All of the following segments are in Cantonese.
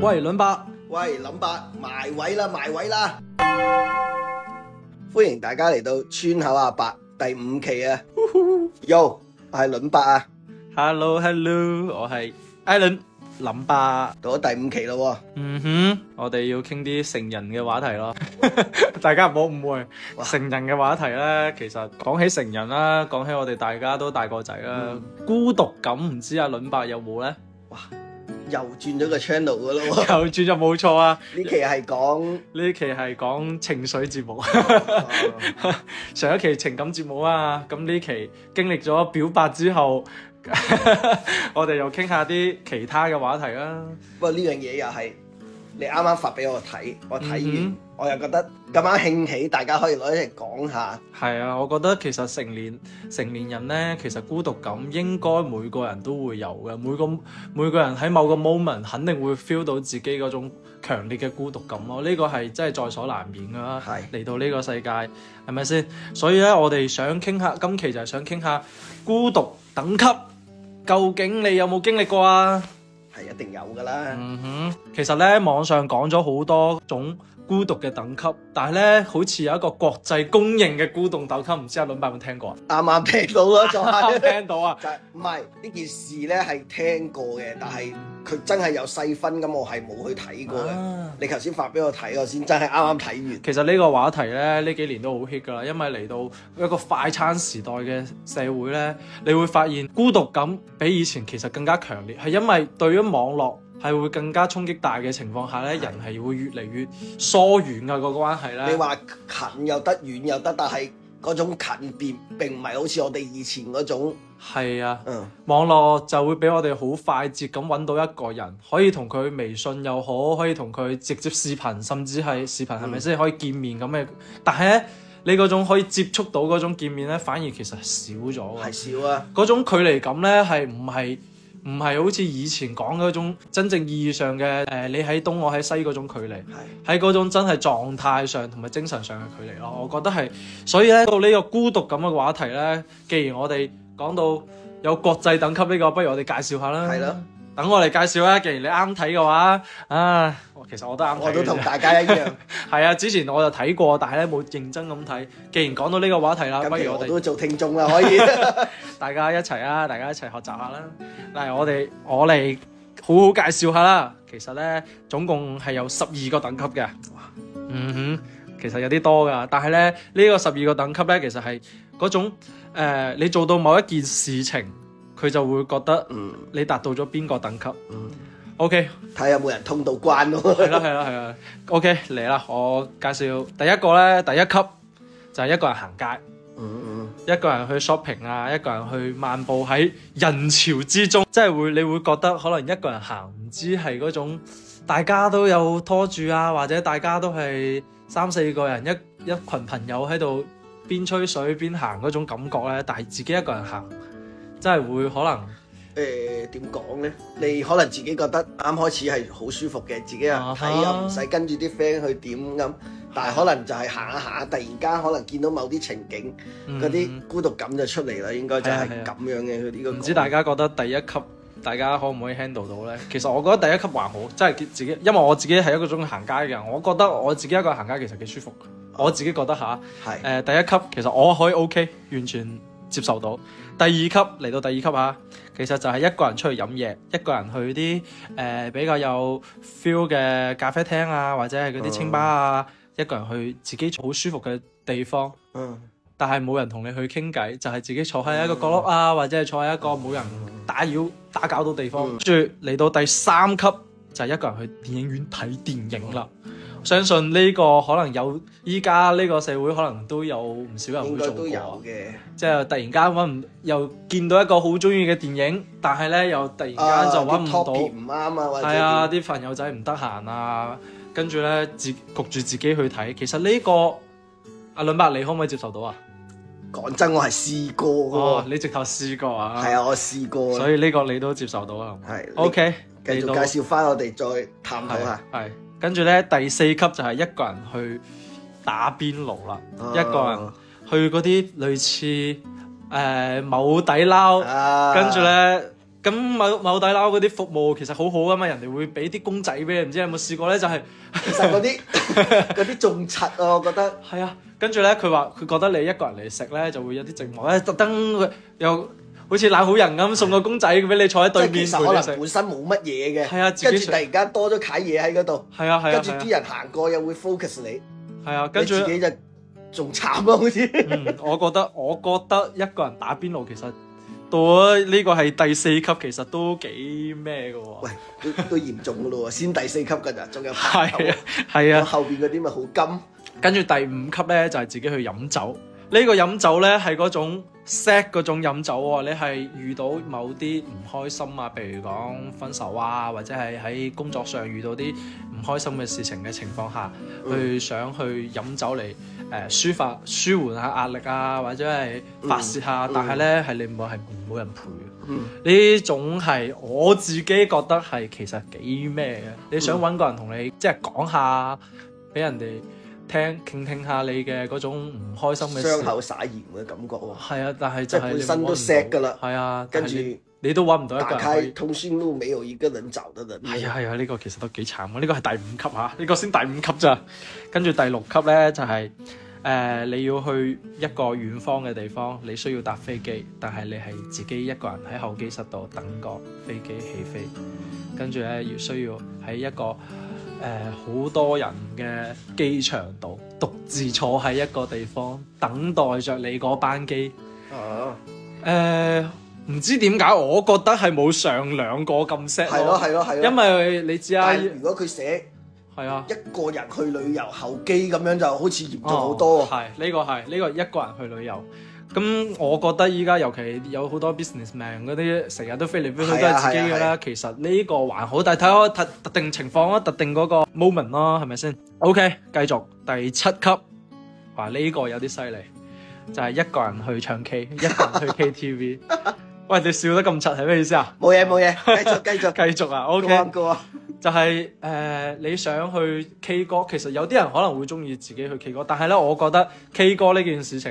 喂，倫伯，喂，林伯，埋位啦，埋位啦！歡迎大家嚟到村口阿伯第五期啊！Yo，係倫伯啊！Hello，Hello，我係 Alan，倫伯，到咗第五期啦！嗯哼，我哋要傾啲成人嘅話題咯，大家唔好誤會，成人嘅話題咧，其實講起成人啦，講起我哋大家都大個仔啦，孤獨感唔知阿倫伯有冇呢？哇！又轉咗個 channel 嘅咯喎， 又轉就冇錯啊！呢期係講，呢期係講情緒節目，oh, oh, oh, oh. 上一期情感節目啊，咁呢期經歷咗表白之後， 我哋又傾下啲其他嘅話題啦、啊。 不過呢樣嘢又係。你啱啱發俾我睇，我睇完、mm hmm. 我又覺得咁啱興起，大家可以攞嚟講下。係啊，我覺得其實成年成年人呢，其實孤獨感應該每個人都會有嘅，每個每個人喺某個 moment 肯定會 feel 到自己嗰種強烈嘅孤獨感咯，呢、呢個係真係在所難免噶啦。嚟係到呢個世界，係咪先？所以呢，我哋想傾下，今期就係想傾下孤獨等級，究竟你有冇經歷過啊？係一定有噶啦。嗯哼，其實咧網上講咗好多種孤獨嘅等級，但係咧好似有一個國際公認嘅孤獨等級，唔知阿倫伯有冇聽過、嗯嗯、聽啊？啱啱聽到啦，就啱啱聽到啊！唔係呢件事咧係聽過嘅，但係。嗯佢真係有細分咁，啊，我係冇去睇過嘅。你頭先發俾我睇我先，真係啱啱睇完。其實呢個話題咧，呢幾年都好 hit 㗎喇，因為嚟到一個快餐時代嘅社會咧，你會發現孤獨感比以前其實更加強烈，係因為對於網絡係會更加衝擊大嘅情況下咧，是的 人係會越嚟越疏遠啊，個關係咧。你話近又得，遠又得，但係嗰種近變並唔係好似我哋以前嗰種。係啊，uh. 網絡就會俾我哋好快捷咁揾到一個人，可以同佢微信又好，可以同佢直接視頻，甚至係視頻係咪先可以見面咁嘅？Mm. 但係咧，你嗰種可以接觸到嗰種見面咧，反而其實少咗。係少啊！嗰種距離感咧，係唔係唔係好似以前講嗰種真正意義上嘅誒、呃，你喺東我喺西嗰種距離，係喺嗰種真係狀態上同埋精神上嘅距離咯。我覺得係，所以咧到呢個孤獨咁嘅話題咧，既然我哋。講到有國際等級呢個，不如我哋介紹下啦。係咯的，等我哋介紹啦。既然你啱睇嘅話，啊，其實我都啱睇。我都同大家一樣。係 啊，之前我就睇過，但係咧冇認真咁睇。既然講到呢個話題啦，近期 不如我哋都做聽眾啦，可以。 大家一齊啊，大家一齊學習下啦。但嗱，我哋我嚟好好介紹下啦。其實咧，總共係有十二個等級嘅。嗯哼，其實有啲多噶，但係咧呢個十二個等級咧，其實係嗰種。誒，你做到某一件事情，佢就會覺得，嗯，你達到咗邊個等級？嗯，O K，睇下有冇人通道關咯。係啦，係啦，係啦。O K，嚟啦，我介紹第一個咧，第一級就係一個人行街，嗯嗯，一個人去 shopping 啊，一個人去漫步喺人潮之中，即係會，你會覺得可能一個人行唔知係嗰種大家都有拖住啊，或者大家都係三四個人一一群朋友喺度。邊吹水邊行嗰種感覺咧，但係自己一個人行，真係會可能誒點講呢？你可能自己覺得啱開始係好舒服嘅，自己呀睇呀唔使跟住啲 friend 去點咁，但係可能就係行下下，突然間可能見到某啲情景，嗰啲、嗯、孤獨感就出嚟啦。應該就係咁樣嘅佢呢個。唔知大家覺得第一級？大家可唔可以 handle 到呢？其實我覺得第一級還好，即係自己，因為我自己係一個鍾意行街嘅，我覺得我自己一個行街其實幾舒服，哦、我自己覺得吓，係是、呃、第一級其實我可以 OK，完全接受到。第二級嚟到第二級啊，其實就係一個人出去飲嘢，一個人去啲誒、呃、比較有 feel 嘅咖啡廳啊，或者係嗰啲清吧啊，嗯、一個人去自己好舒服嘅地方。嗯。但係冇人同你去傾偈，就係、是、自己坐喺一個角落啊，嗯、或者係坐喺一個冇人打擾、嗯、打攪到地方。跟住嚟到第三級就係、是、一個人去電影院睇電影啦。相信呢個可能有依家呢個社會可能都有唔少人會做，應該都有嘅。即係突然間揾唔又見到一個好中意嘅電影，但係咧又突然間就揾唔到，唔啱啊！係啊，啲、哎、朋友仔唔得閒啊，跟住咧自焗住自己去睇。其實呢、呢個阿倫伯你可唔可以接受到啊？講真，我係試過㗎。你直頭試過啊？係啊，我試過。所以呢個你都接受到啊？係。OK，繼續介紹翻，我哋再探討下。係，跟住咧第四級就係一個人去打邊爐啦，一個人去嗰啲類似誒某底撈，跟住咧咁某某底撈嗰啲服務其實好好啊嘛，人哋會俾啲公仔俾你，唔知有冇試過咧？就係其實嗰啲嗰啲仲柒啊，我覺得。係啊。跟住咧，佢話佢覺得你一個人嚟食咧，就會有啲寂寞咧。特登佢又好似懶好人咁，送個公仔俾你坐喺對面。其實可能本身冇乜嘢嘅，係啊，跟住突然間多咗啀嘢喺嗰度，係啊係啊，跟住啲人行過又會 focus 你，係啊，跟住自己就仲慘囉，好似。嗯，我覺得我覺得一個人打邊爐其實到呢個係第四級，其實都幾咩㗎喎。喂，都嚴重㗎咯喎，先第四級㗎咋，仲有排，係啊係啊，後邊嗰啲咪好金。跟住第五級呢，就係、是、自己去飲酒。呢、這個飲酒呢，係嗰種 sad 嗰種飲酒喎、哦。你係遇到某啲唔開心啊，譬如講分手啊，或者係喺工作上遇到啲唔開心嘅事情嘅情況下，去想去飲酒嚟誒抒發、舒緩下壓力啊，或者係發泄下。但係呢，係、嗯嗯、你唔會係冇人陪。呢、嗯、種係我自己覺得係其實幾咩嘅。你想揾個人同你即係講下，俾人哋。聽傾聽，聽下你嘅嗰種唔開心嘅傷口撒鹽嘅感覺喎、哦。係啊，但係即係本身都 sad 㗎啦。係啊，跟住著你，著你都搵唔到一個通訊錄，沒有一個能找的人。係啊係啊，呢、啊啊這個其實都幾慘啊！呢、這個係第五級嚇，呢、啊這個先第五級咋。跟住第六級咧就係、是、誒、呃，你要去一個遠方嘅地方，你需要搭飛機，但係你係自己一個人喺候機室度等個飛機起飛，跟住咧要需要喺一個。誒，呃、好多人嘅機場度獨自坐喺一個地方，等待着你嗰班機。誒、啊，呃、唔知點解，我覺得係冇上兩個咁 set 咯。係咯，係咯，係咯。因為你，你知啦，如果佢寫係啊，一個人去旅遊候機咁樣就好似嚴重好多。係呢個係呢個一個人去旅遊。咁我覺得依家尤其有好多 businessman 嗰啲成日都飛嚟飛去都係自己㗎啦，啊啊啊啊、其實呢個還好，但係睇開特特定情況咯、特定嗰個 moment 咯，係咪先？OK，繼續第七級，哇呢、呢個有啲犀利，就係、是、一個人去唱 K， 一個人去 KTV。喂，你笑得咁柒係咩意思啊？冇嘢冇嘢，繼續繼續 繼續啊！OK 過過啊。就係、是、誒、呃，你想去 K 歌，其實有啲人可能會中意自己去 K 歌，但係咧，我覺得 K 歌呢件事情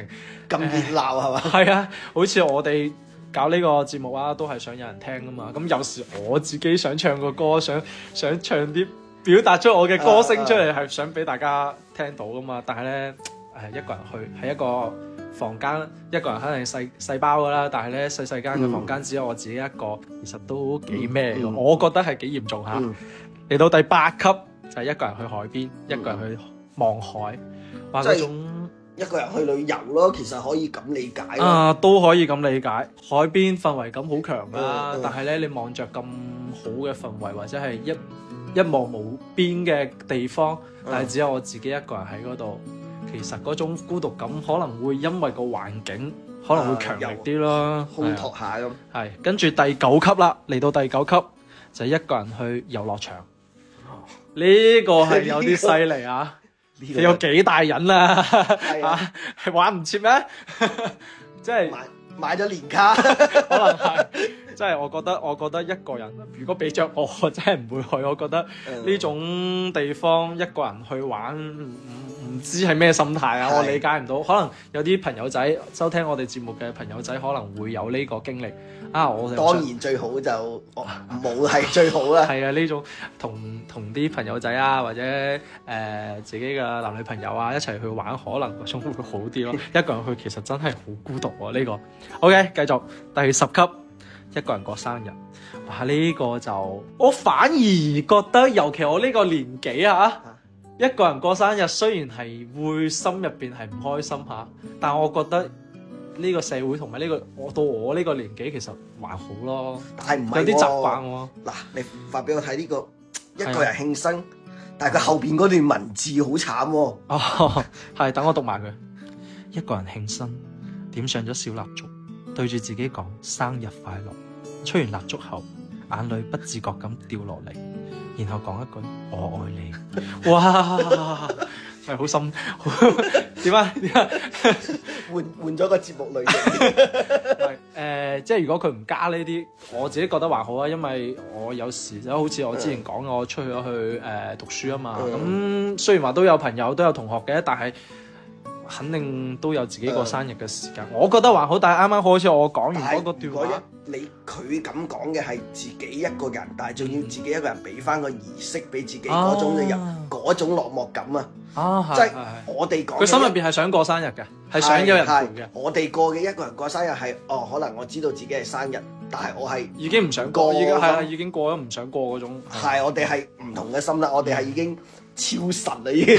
咁熱鬧係嘛？係、呃、啊， 好似我哋搞呢個節目啊，都係想有人聽噶嘛。咁有時我自己想唱個歌，想想唱啲表達出我嘅歌聲出嚟，係、uh, uh. 想俾大家聽到噶嘛。但係咧。係一個人去，喺一個房間，一個人肯定細細胞噶啦。但係咧，細細間嘅房間只有我自己一個，其實都幾咩嘅。嗯嗯、我覺得係幾嚴重吓。嚟、嗯、到第八級就係、是、一個人去海邊，嗯、一個人去望海，或者一種一個人去旅遊咯。其實可以咁理解啊，都可以咁理解。海邊氛圍感好強啦，嗯嗯、但係咧，你望着咁好嘅氛圍，或者係一、嗯嗯、一望無邊嘅地方，但係只有我自己一個人喺嗰度。其實嗰種孤獨感可能會因為個環境可能會強烈啲咯，烘托、啊啊、下咁。係，跟住第九級啦，嚟到第九級就是、一個人去遊樂場。呢、哦、個係有啲犀利啊！你、這個、有幾大人啊？係、 啊、玩唔切咩？即 係、就是、買買咗年卡， 可能係。即係我覺得，我覺得一個人如果俾著我，我真係唔會去。我覺得呢種地方一個人去玩唔知係咩心態啊，的我理解唔到。可能有啲朋友仔收聽我哋節目嘅朋友仔可能會有呢個經歷啊。我當然最好就冇係、啊、最好啦。係啊， 呢種同同啲朋友仔啊，或者誒、呃、自己嘅男女朋友啊一齊去玩，可能仲會好啲咯。 一個人去其實真係好孤獨啊。呢、這個 OK，繼續第十級。一個人過生日，哇、啊！呢、這個就我反而覺得，尤其我呢個年紀啊，一個人過生日雖然係會心入邊係唔開心吓，但我覺得呢個社會同埋呢個我到我呢個年紀其實還好咯。但係唔係哦、有啲習慣喎，嗱、啊，你發俾我睇呢、這個、嗯、一個人慶生，嗯、但佢後邊嗰段文字好慘喎。哦，係、 哦，等我讀埋佢。一個人慶生，點上咗小蠟燭。燭對住自己講生日快樂，吹完蠟燭後，眼淚不自覺咁掉落嚟，然後講一句 我愛你。哇，係好、 哎、深，點啊？換換咗個節目嚟，誒、 呃，即係如果佢唔加呢啲，我自己覺得還好啊，因為我有時就好似我之前講，我出去去誒、呃、讀書啊嘛，咁雖然話都有朋友、都有同學嘅，但係。肯定都有自己過生日嘅時間，我覺得還好。但係啱啱好似我講完嗰個段話，你佢咁講嘅係自己一個人，但係仲要自己一個人俾翻個儀式俾自己嗰種嘅人，嗰種落寞感啊！即係我哋講，佢心入邊係想過生日嘅，係想有人同嘅。我哋過嘅一個人過生日係哦，可能我知道自己係生日，但係我係已經唔想過，係啊，已經過咗唔想過嗰種。係我哋係唔同嘅心啦，我哋係已經超神啦，已經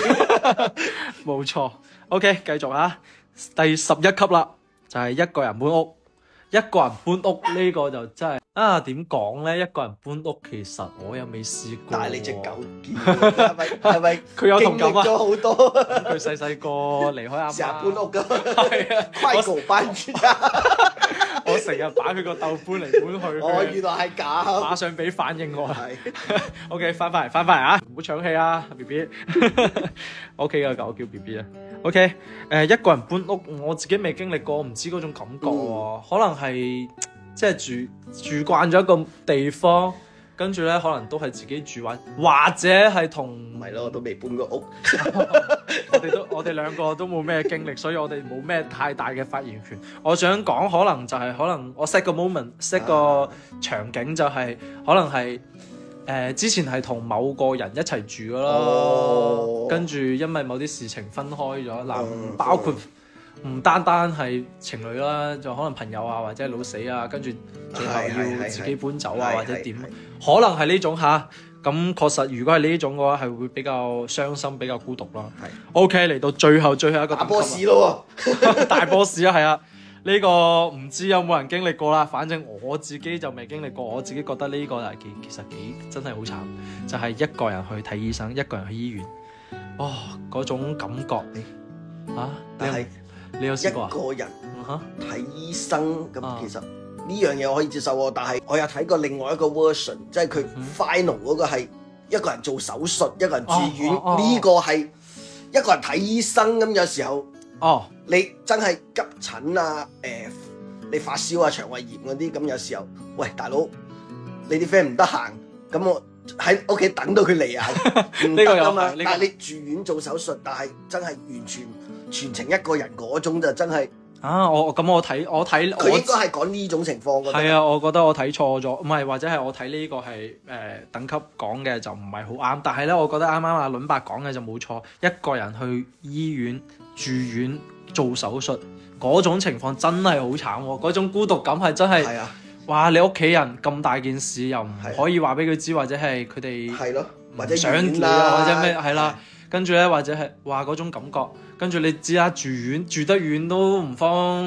冇錯。OK，繼續吓，第十一級啦，就係、是、一個人搬屋，一個人搬屋呢個就真係啊點講咧？一個人搬屋其實我又未試過。但係你隻狗係咪係咪佢有同感好多，佢細細個離開阿媽成日搬屋嘅快狗搬住。 班 我成日擺佢個豆搬嚟搬去，哦原來係咁，馬上俾反應我。係，O K 翻翻嚟，翻翻嚟啊，唔好搶氣啊，B B，O K 噶，我叫 B B 啊，O K，誒，一個人搬屋，我自己未經歷過，唔知嗰種感覺喎，嗯、可能係即係住住慣咗一個地方。跟住呢，可能都係自己住玩，或者係同，唔係囉，我都未搬過屋。 我哋都，我哋兩個都冇咩經歷，所以我哋冇咩太大嘅發言權。我想講，就係，可能就係可能我 set 個 moment，set 個場景，就係，就係可能係、呃、之前係同某個人一齊住噶啦，跟住、哦、因為某啲事情分開咗。嗱、嗯，包括唔單單係情侶啦，嗯、就可能朋友啊，或者老死啊，跟住最後要自己搬走啊，或者點。哎可能係呢種嚇，咁、啊、確實如果係呢種嘅話，係會比較傷心、比較孤獨啦。OK 嚟到最後最後一個大波士 大 boss 咯，大 boss 啊，係啊，呢、這個唔知有冇人經歷過啦。反正我自己就未經歷過，我自己覺得呢個其實幾真係好慘，就係、是、一個人去睇醫生，一個人去醫院，哇、哦、嗰種感覺、啊、你有有但係是你有試過一個人睇醫生咁、啊、其實。啊呢樣嘢我可以接受，但係我有睇過另外一個 version，即係佢 final 嗰個係一個人做手術，哦、一個人住院。呢、哦哦、個係一個人睇醫生咁，有時候哦，你真係急診啊，誒、欸，你發燒啊、腸胃炎嗰啲咁，有時候喂大佬，你啲 friend 唔得閒，咁我喺屋企等到佢嚟啊，唔得啊嘛。哦哦哦、但係你住院做手術，哦、但係真係完全全程一個人嗰種就、真係。啊！我咁，我睇我睇我佢應該係講呢種情況。係啊，我覺得我睇錯咗，唔係或者係我睇呢個係誒、呃、等級講嘅就唔係好啱。但係咧，我覺得啱啱阿倫伯講嘅就冇錯。一個人去醫院住院做手術嗰種情況真係好慘喎、啊！嗰種孤獨感係真係，啊、哇！你屋企人咁大件事又唔可以話俾佢知，或者係佢哋唔想見啊，或者咩係啦。跟住咧，或者係話嗰種感覺，跟住你知啦，住院住得遠都唔方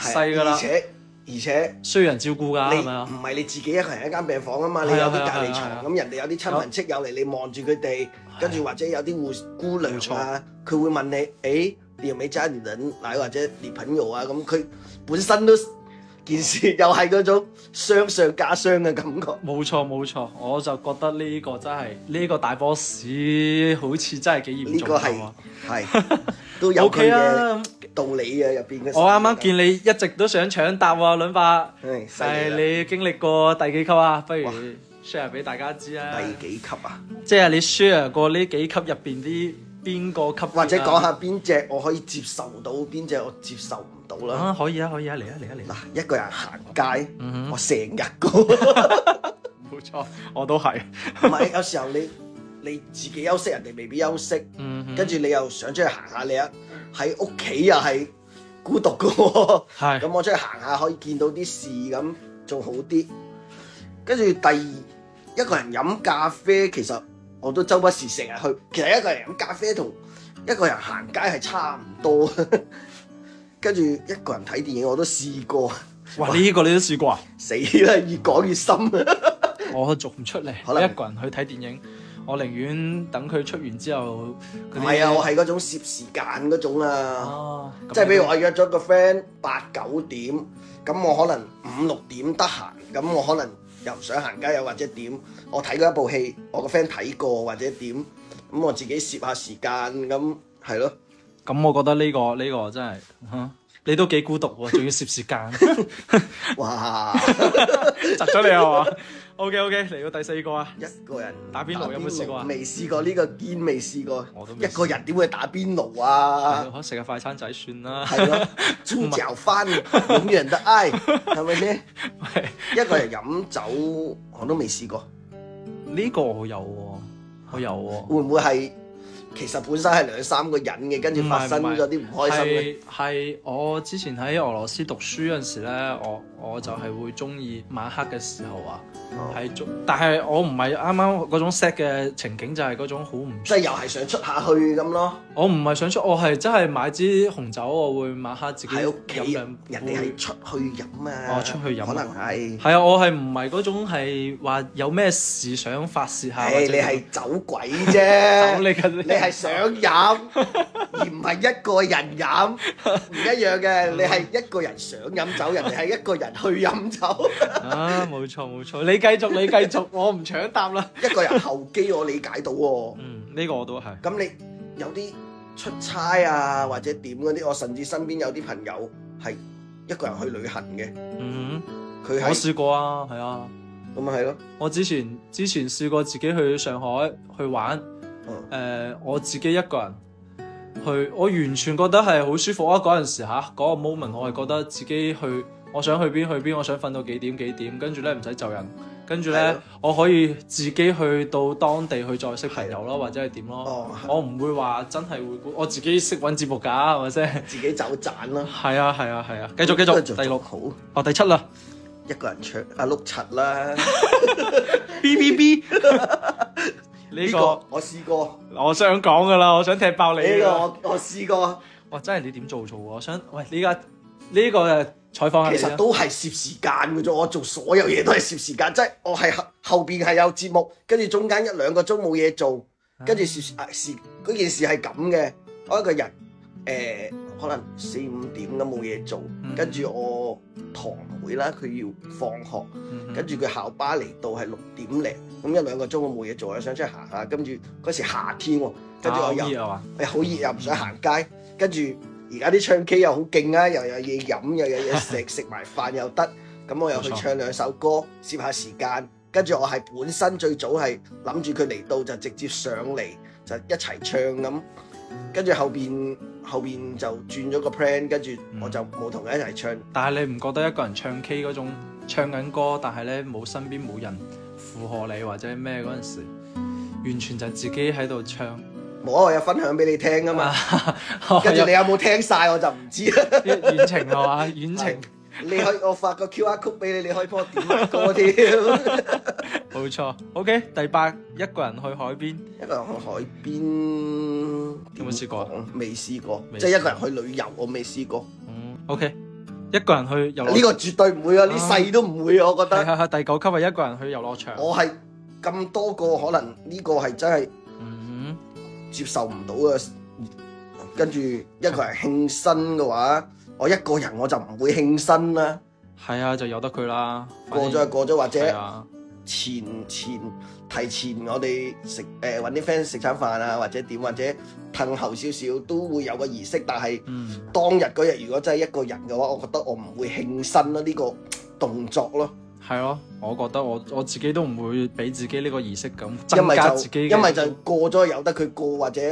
細噶啦。而且而且需要人照顧噶，你唔係吧你自己一個人一間病房啊嘛，啊你有啲隔離牀，咁、啊啊啊、人哋有啲親朋戚友嚟、啊，你望住佢哋，啊、跟住或者有啲護士姑娘啊，佢、啊啊、會問你，誒，你有冇家人嚟，或者你朋友啊？咁佢本身都。件事又係嗰種雙上加雙嘅感覺。冇錯冇錯，我就覺得呢個真係呢、這個大 boss 好似真係幾嚴重喎。係，係 都有佢嘅道理啊。入邊。我啱啱見你一直都想搶答啊。諗法。但係你經歷過第幾級啊？不如 share 俾大家知啊。第幾級啊？即係你 share 過呢幾級入邊啲？邊個級或者講下邊隻我可以接受到邊隻我接受唔到啦？可以啊，可以啊，嚟啊嚟啊嚟！嗱、啊，一個人行街，嗯、哼我成日噶，冇錯，我都係。唔係，有時候你你自己休息，人哋未必休息。跟住、嗯、哼你又想出去行下你啊，喺屋企又係孤獨噶、哦。係是，咁我出去行下可以見到啲事咁，仲好啲。跟住第一個人飲咖啡，其實。我都周不時成日去，其實一個人飲咖啡同一個人行街係差唔多。跟 住一個人睇電影我都試過，嘩哇！呢個你都試過啊？死啦！越講越深， 我都做唔出嚟。可能一個人去睇電影，我寧願等佢出完之後。唔係啊，我係嗰種攝時間嗰種啊，哦、即係比如我約咗個 friend 八九點，咁我可能五六點得閒，咁我可能。又唔想行街又或者點？我睇過一部戲，我個 friend 睇過或者點咁，我自己攝下時間咁係咯。咁我覺得呢、呢個呢、呢個真係。 你都幾孤獨喎、啊，仲要攝時間。哇！窒咗 你係嘛？O K O K，嚟到第四個啊！一個人打邊爐有冇試過，未試過呢個堅，未試過。我都未試過一個人點會打邊爐啊？食下、欸、快餐仔算啦。係咯、啊，轉頭翻五羊得。I，係咪先？一個人飲酒我都未試過。呢個我有喎、啊，我有喎、啊。會唔會係？其實本身係兩三個人嘅，跟住發生咗啲唔開心嘅事。係，我之前喺俄羅斯讀書嗰陣時咧，我。我就係會中意晚黑嘅時候啊，喺、嗯、但係我唔係啱啱嗰種 set 嘅情景就，就係嗰種好唔即係又係想出去下去咁咯。我唔係想出，我係真係買支紅酒，我會晚黑自己喺屋企飲。人哋係出去飲啊，我、哦、出去飲，可能係係啊，我係唔係嗰種係話有咩事想發泄下？誒 Hey,，你係酒鬼啫， 你係想飲。 而唔係一個人飲，唔一樣嘅。你係一個人想飲酒，人哋係一個人去飲酒。啊，冇錯冇錯，你繼續你繼續，我唔搶答啦。一個人候機我理解到喎。嗯，呢、這個我都係。咁你有啲出差啊，或者點嗰啲，我甚至身邊有啲朋友係一個人去旅行嘅。嗯，佢在我試過啊，係啊，咁咪係咯。我之前之前試過自己去上海去玩，誒、嗯呃，我自己一個人。去，我完全覺得係好舒服啊！嗰陣時嚇，嗰、嗰個 moment 我係覺得自己去，我想去邊去邊，我想瞓到幾點幾點，跟住咧唔使就人，跟住咧我可以自己去到當地去再識朋友咯，的或者係點咯，哦、我唔會話真係會，我自己識揾節目㗎係咪先？自己走賺咯。係啊係啊係啊，啊，繼續繼續，第六好，哦第七啦，一個人搶阿、啊、碌柒啦。 B B B 呢、這個我試過，我想講噶啦，我想踢爆你呢、這個我我試過哇，哇真係你點做錯我想喂，呢家呢個採訪其實都係攝時間嘅啫，我做所有嘢都係攝時間，即、就、係、是、我係後後邊係有節目，跟住中間一兩個鐘冇嘢做，跟住攝攝嗰件事係咁嘅，我一個人誒。呃可能四五點都冇嘢做，跟住、嗯、我堂妹啦，佢要放學，跟住佢校巴嚟到係六點零，咁、嗯、一兩個鐘我冇嘢做啊，我想出去行下。跟住嗰時夏天，跟住我又，誒好、啊熱,啊欸、熱又唔想行街。跟住而家啲唱 K 又好勁啊，又有嘢飲又有嘢食，食埋 飯又得。咁、嗯、我又去唱兩首歌，攝下時間。跟住我係本身最早係諗住佢嚟到就直接上嚟就一齊唱咁。跟住後邊後邊就轉咗個 plan，跟住我就冇同佢一齊唱。嗯，但係你唔覺得一個人唱 K 嗰種唱緊歌，但係咧冇身邊冇人附和你或者咩嗰陣時，完全就自己喺度唱。冇我有分享俾你聽啊嘛， 跟住你有冇聽晒我就唔知啦。遠 情係嘛，遠情。你可以我發個 Q R 曲俾你，你可以 point 個調。冇錯，OK，第八一個人去海邊，一個人去海邊，有冇試過？未試過，即係一個人去旅遊，我未試過。嗯，OK，一個人去游，呢個絕對唔會啊！呢世、啊、都唔會啊！我覺得。係係、嗯、第九級係一個人去遊樂場。我係咁多個可能個、嗯，呢個係真係接受唔到啊。跟住一個人慶身嘅話。我一個人我就唔會慶生啦。係啊，就由得佢啦。過咗就過咗，或者前前提前我哋食誒揾啲 friend 食餐飯啊，或者點，或者褪後少少都會有個儀式。但係當日嗰日如果真係一個人嘅話，我覺得我唔會慶生啦，呢個動作咯。係咯、啊，我覺得我我自己都唔會俾自己呢個儀式咁，因為就因為就過咗，由得佢過或者。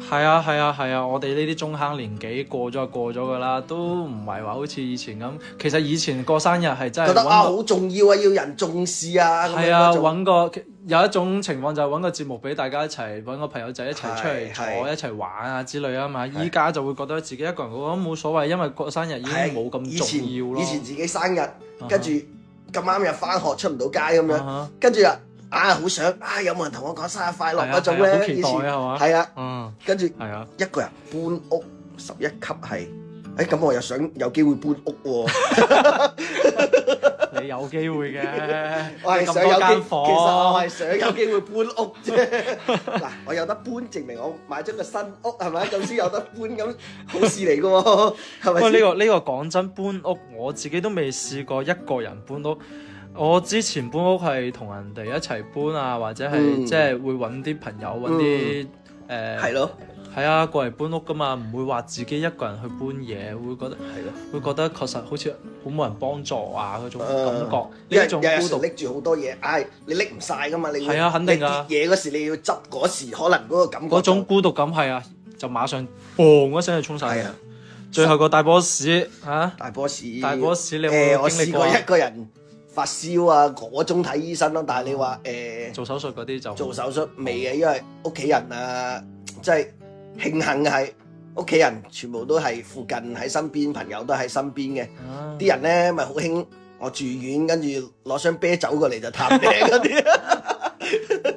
係啊，係啊，係啊，啊！我哋呢啲中坑年紀過咗就過咗噶啦，嗯、都唔係話好似以前咁。其實以前過生日係真係覺得啊好重要啊，要人重視啊。係啊，揾個有一種情況就係揾個節目俾大家一齊，揾個朋友仔一齊出嚟坐是一齊玩啊之類啊嘛。依家是就會覺得自己一個人，我諗冇所謂，因為過生日已經冇咁重要咯、啊哎。以前自己生日，跟住咁啱又翻學出唔到街咁樣，嗯嗯嗯嗯嗯嗯、跟住啊。啊，好想啊！有冇人同我講生日快樂嗰種咧？好、嗯、期待係啊，嗯，跟住係啊，一個人搬屋，十一級係，誒、欸，咁我又想有機會搬屋、哦， 你有機會嘅，我係想有間房啊，其實我係想有機會搬屋啫。嗱，我有得搬，證明我買咗個新屋，係咪？咁先有得搬，咁好事嚟噶，係咪？不過呢個呢、這個講真搬屋，我自己都未試過一個人搬屋。我之前搬屋係同人哋一齊搬啊，或者係即係會揾啲朋友揾啲誒，係咯，係啊，過嚟搬屋噶嘛，唔會話自己一個人去搬嘢，會覺得係咯，會覺得確實好似好冇人幫助啊嗰種感覺，呢一種孤獨拎住好多嘢，唉，你拎唔晒噶嘛，你要啊，肯定噶，嘢嗰時你要執嗰時，可能嗰個感覺嗰種孤獨感係啊，就馬上嘣一聲就沖晒。啊！最後個大 boss 啊，大 boss，大 boss，你有冇經歷過？我試過一個人。發燒啊嗰種睇醫生咯，啊，但係你話誒，呃、做手術嗰啲就做手術未嘅，因為屋企人啊，即係慶幸係屋企人全部都係附近喺身邊，朋友都喺身邊嘅。啲、嗯、人咧咪好興我住院，跟住攞箱啤酒過嚟就探病嗰啲。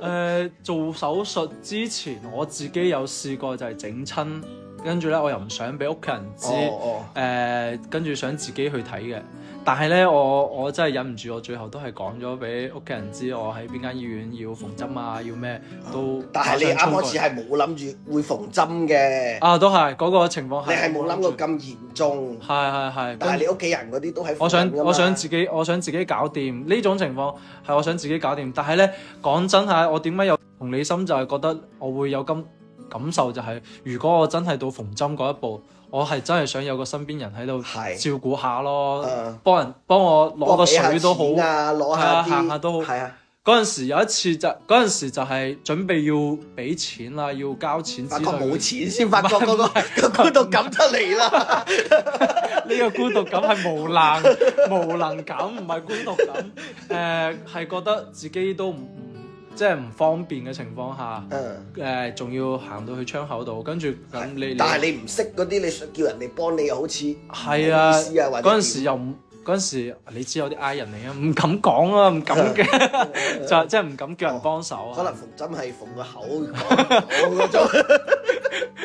誒，做手術之前我自己有試過就係整親，跟住咧我又唔想俾屋企人知，誒、哦哦呃，跟住想自己去睇嘅。但係咧，我我真係忍唔住，我最後都係講咗俾屋企人知，我喺邊間醫院要縫針啊，要咩都。但係你啱開始係冇諗住會縫針嘅。啊，都係嗰個情況下。你係冇諗過咁嚴重。係係係。但係你屋企人嗰啲都係。我想我想自己我想自己搞掂，呢種情況係我想自己搞掂，但係咧，講真下，我點解有同理心就係覺得我會有咁。感受就係、是，如果我真係到縫針嗰一步，我係真係想有個身邊人喺度照顧下咯的，幫人幫我攞個水都好，攞下行下都好。係啊，嗰陣時有一次就，嗰陣時就係準備要俾錢啦，要交錢之，發覺冇錢先發覺嗰、那個係 孤獨感出嚟啦。呢 個孤獨感係無能無能感，唔係孤獨感。誒、呃，係覺得自己都唔。即係唔方便嘅情況下，誒仲、uh huh. 呃、要行到去窗口度，跟住咁你。但係你唔識嗰啲，你想叫人哋幫你又好似。係啊，嗰陣、啊、時又嗰陣時，你知有啲嗌人嚟啊，唔敢講啊、uh，唔敢嘅，就 即係唔敢叫人幫手啊、哦。可能縫針係縫個口，縫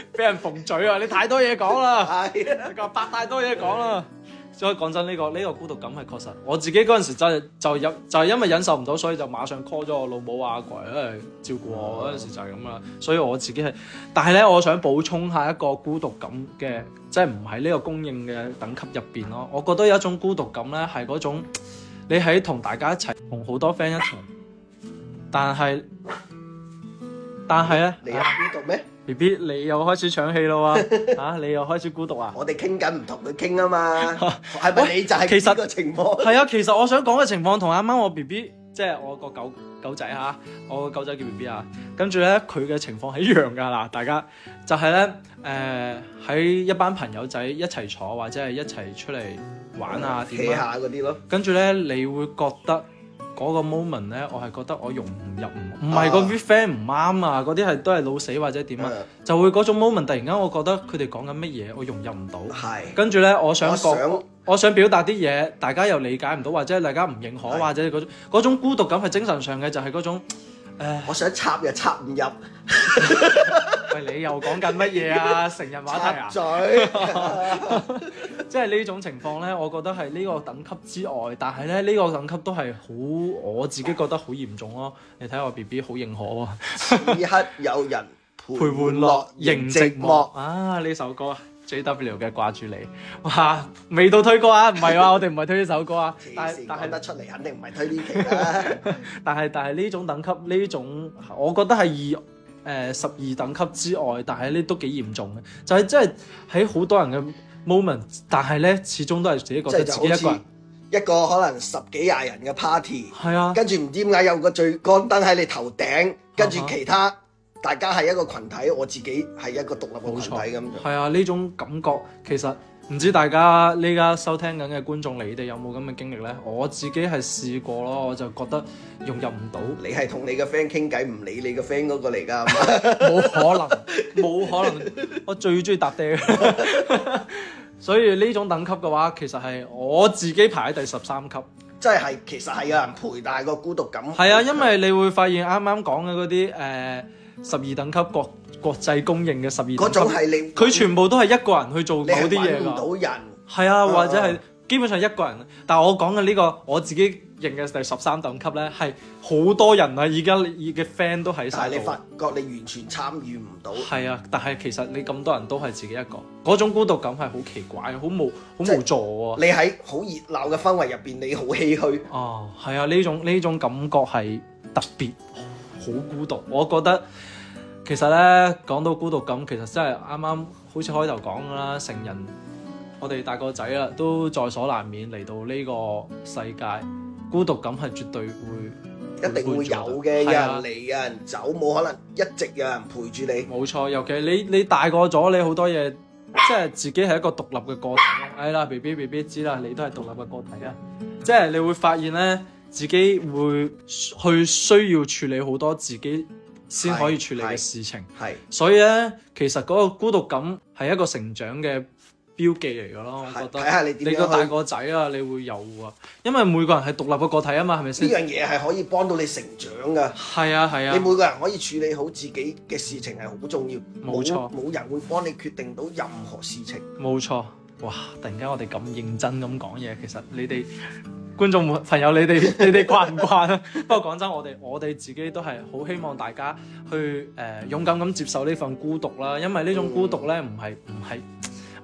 俾 人縫嘴啊！你太多嘢講啦，係啊，伯太多嘢講啦。 所以講真，呢個呢個孤獨感係確實，我自己嗰陣時真係就就係因為忍受唔到，所以就馬上 call 咗我老母阿、啊、鬼嚟、啊、照顧我嗰陣時就係咁啦。嗯、所以我自己係，但係咧，我想補充一下一個孤獨感嘅，即係唔喺呢個公認嘅等級入邊咯。我覺得有一種孤獨感咧，係嗰種你喺同大家一齊，同好多 friend 一齊，但係但係咧，你有孤獨咩？ B B 你又開始搶戲咯喎 啊！你又開始孤獨啊？我哋傾緊唔同佢傾啊嘛，係咪、 啊、你就係呢個情況？係實 啊，其實我想講嘅情況同啱啱我 B B 即係我個狗狗仔吓、啊，我個狗仔叫 B B 啊，跟住咧佢嘅情況係一樣噶嗱，大家就係咧誒喺一班朋友仔一齊坐或者係一齊出嚟玩啊 hea 下嗰啲 咯，跟住咧你會覺得。嗰個 moment 咧，我係覺得我融入唔，唔係個 friend 唔啱啊！嗰啲係都係老死或者點啊，的就會嗰種 moment 突然間，我覺得佢哋講緊乜嘢，我融入唔到。係的。跟住咧，我想講，我想，我想表達啲嘢，大家又理解唔到，或者大家唔認可，的或者嗰種嗰種孤獨感係精神上嘅，就係、是、嗰種。誒，唉我想插又插唔入， 喂，你又講緊乜嘢啊？成日話題啊，插嘴 即係呢種情況咧，我覺得係呢個等級之外，但係咧呢、這個等級都係好，我自己覺得好嚴重咯、啊。你睇我 B B 好認可喎、啊， 此刻有人陪伴落仍寂寞啊！呢首歌。JW 嘅掛住你，哇！未到推歌啊，唔係喎， 我哋唔係推呢首歌啊，但係睇得出嚟肯定唔係推呢期啦。但係但係呢種等級，呢種我覺得係二誒十二等級之外，但係呢都幾嚴重嘅，就係即係喺好多人嘅 moment，但係咧始終都係自己覺得自己一個人，就就好似一個可能十幾廿人嘅 party，係啊，跟住唔知點解有個聚光燈喺你頭頂，跟住其他。 大家係一個群體，我自己係一個獨立嘅群體咁錯。係樣啊，呢種感覺其實唔知大家呢家收聽緊嘅觀眾，你哋有冇咁嘅經歷呢？我自己係試過咯，我就覺得融入唔到。你係同你個 friend 傾偈，唔理你個 friend 嗰個嚟㗎，冇 可能，冇可能。我最鍾意搭嗲。 所以呢種等級嘅話，其實係我自己排喺第十三級，即係係其實係有人陪，大係個孤獨感。係啊，因為你會發現啱啱講嘅嗰啲誒。呃十二等級，國國際公認嘅十二等級，佢全部都係一個人去做嗰啲嘢，你揾唔到人。係啊，或者係基本上一個人。嗯、但係我講嘅呢個我自己認嘅第十三等級呢，係好多人啊，而家嘅 friend 都喺晒，你發覺你完全參與唔到。係啊，但係其實你咁多人都係自己一個，嗰種孤獨感係好奇怪，好無好無助喎、就是。你喺好熱鬧嘅氛圍入邊，你好唏虛唏噓。哦，係啊，呢、啊、種呢種，種感覺係特別。好孤獨，我覺得其實呢，講到孤獨感，其實真係啱啱好似開頭講噶啦，成人我哋大個仔啦，都在所難免，嚟到呢個世界，孤獨感係絕對會一定會有嘅，有人嚟，有人走，冇可能一直有人陪住你。冇錯，尤其你你大個咗，你好多嘢即係自己係一個獨立嘅個體。係啦，B B B B 知啦，你都係獨立嘅個體啊， 即係你會發現呢。自己會去需要處理好多自己先可以處理嘅事情，係，所以咧，其實嗰個孤獨感係一個成長嘅標記嚟嘅咯，我覺得。睇下你點你個大個仔啊，你會有啊，因為每個人係獨立嘅個體啊嘛，係咪先？呢樣嘢係可以幫到你成長㗎。係啊係啊，啊你每個人可以處理好自己嘅事情係好重要，冇錯。冇人會幫你決定到任何事情。冇錯。哇！突然間我哋咁認真咁講嘢，其實你哋。觀眾朋友，你哋你哋慣唔慣啊？ 不過講真，我哋我哋自己都係好希望大家去誒、呃、勇敢咁接受呢份孤獨啦，因為呢種孤獨咧唔係唔係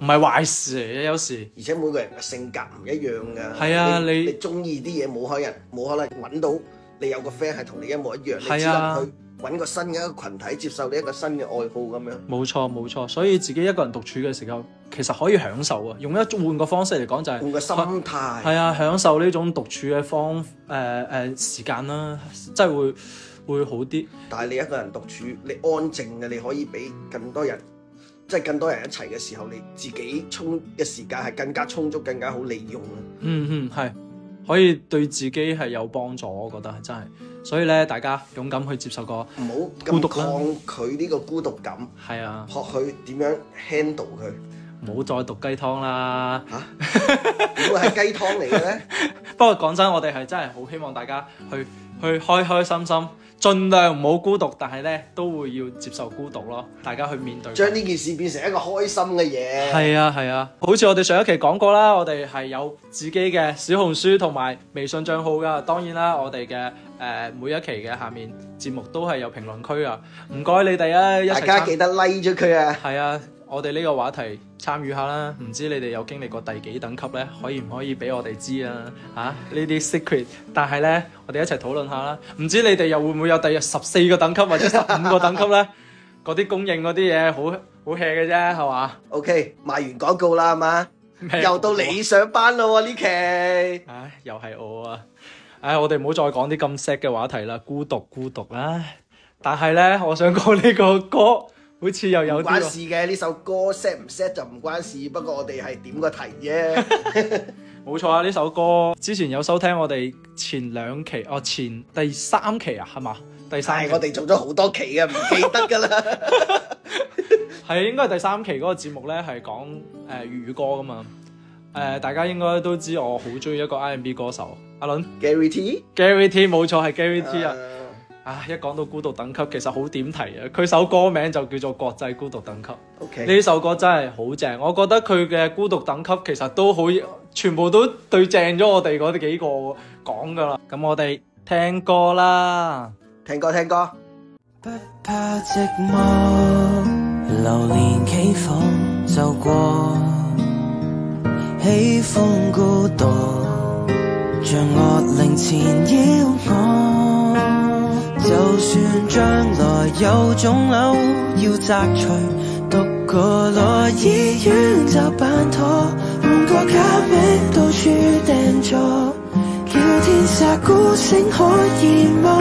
唔係壞事嚟嘅，有時而且每個人嘅性格唔一樣㗎。係啊，你你中意啲嘢冇可能冇可能揾到你有個 friend 係同你一模一樣，你只能揾個新嘅一個群體接受你一個新嘅愛好咁樣，冇錯冇錯，所以自己一個人獨處嘅時候，其實可以享受啊！用一換個方式嚟講就係、是、換個心態，係啊，享受呢種獨處嘅方誒誒、呃、時間啦、啊，真係會會好啲。但係你一個人獨處，你安靜嘅，你可以俾更多人，即、就、係、是、更多人一齊嘅時候，你自己充嘅時間係更加充足，更加好利用啊、嗯！嗯嗯，係。可以對自己係有幫助，我覺得真係。所以咧，大家勇敢去接受個孤獨啦，唔好抗拒呢個孤獨感。係啊，學佢點樣 handle 佢，唔好再讀雞湯啦。嚇、 啊，點會係雞湯嚟嘅呢？ 不過講真，我哋係真係好希望大家去去開開心心，盡量唔好孤獨，但係呢都會要接受孤獨咯。大家去面對，將呢件事變成一個開心嘅嘢。係啊係啊，好似我哋上一期講過啦，我哋係有自己嘅小紅書同埋微信賬號噶。當然啦，我哋嘅誒每一期嘅下面節目都係有評論區啊。唔該你哋啊，大家記得 like 咗佢啊。係啊。我哋呢個話題參與下啦，唔知你哋有經歷過第幾等級呢？可以唔可以俾我哋知啊？吓呢啲 secret，但係呢，我哋一齊討論下啦。唔知你哋又會唔會有第十四個等級或者十五個等級呢？嗰啲公認嗰啲嘢好好吃嘅啫，係嘛？OK，賣完廣告啦，係嘛麼、啊哎？又到你上班咯，呢期。唉，又係我啊！唉、哎，我哋唔好再講啲咁 sad 嘅話題啦，孤獨孤獨啦、啊。但係呢，我想講呢個歌。好似又有、哦、關事嘅呢首歌 set 唔 set 就唔關事，不過我哋係點個題啫，冇錯啊！呢首歌之前有收聽我哋前兩期哦，前第三期啊，係嘛？第三期我哋做咗好多期啊，唔記得噶啦，係應該係第三期嗰個節目咧，係講誒粵語歌噶嘛？誒、呃，大家應該都知我好中意一個 R&B 歌手阿倫 Gary T，Gary T 冇錯係 Gary T 啊。啊！一講到孤獨等級，其實好點題啊！佢首歌名就叫做《國際孤獨等級》。呢 Okay. 首歌真係好正，我覺得佢嘅孤獨等級其實都好，全部都對正咗我哋嗰啲幾個講噶啦。咁我哋聽歌啦，聽歌聽歌。就算將來有腫瘤要摘除，獨個來醫院就辦妥，換個假名到處訂座，叫天下孤星可以望。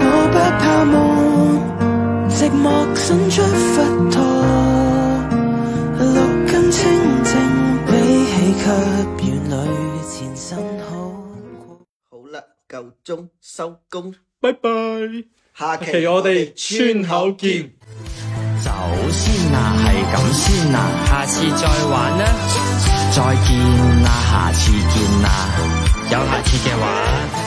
我不怕夢，寂寞伸出佛托，六根清淨比起監獄裏前生好。好啦，夠鐘收工。拜拜，bye bye。下期 okay，我哋村口見。走先啦，啊，係咁先啦，啊，下次再玩啦，啊，再見啦，啊，下次見啦，啊，有下次嘅話。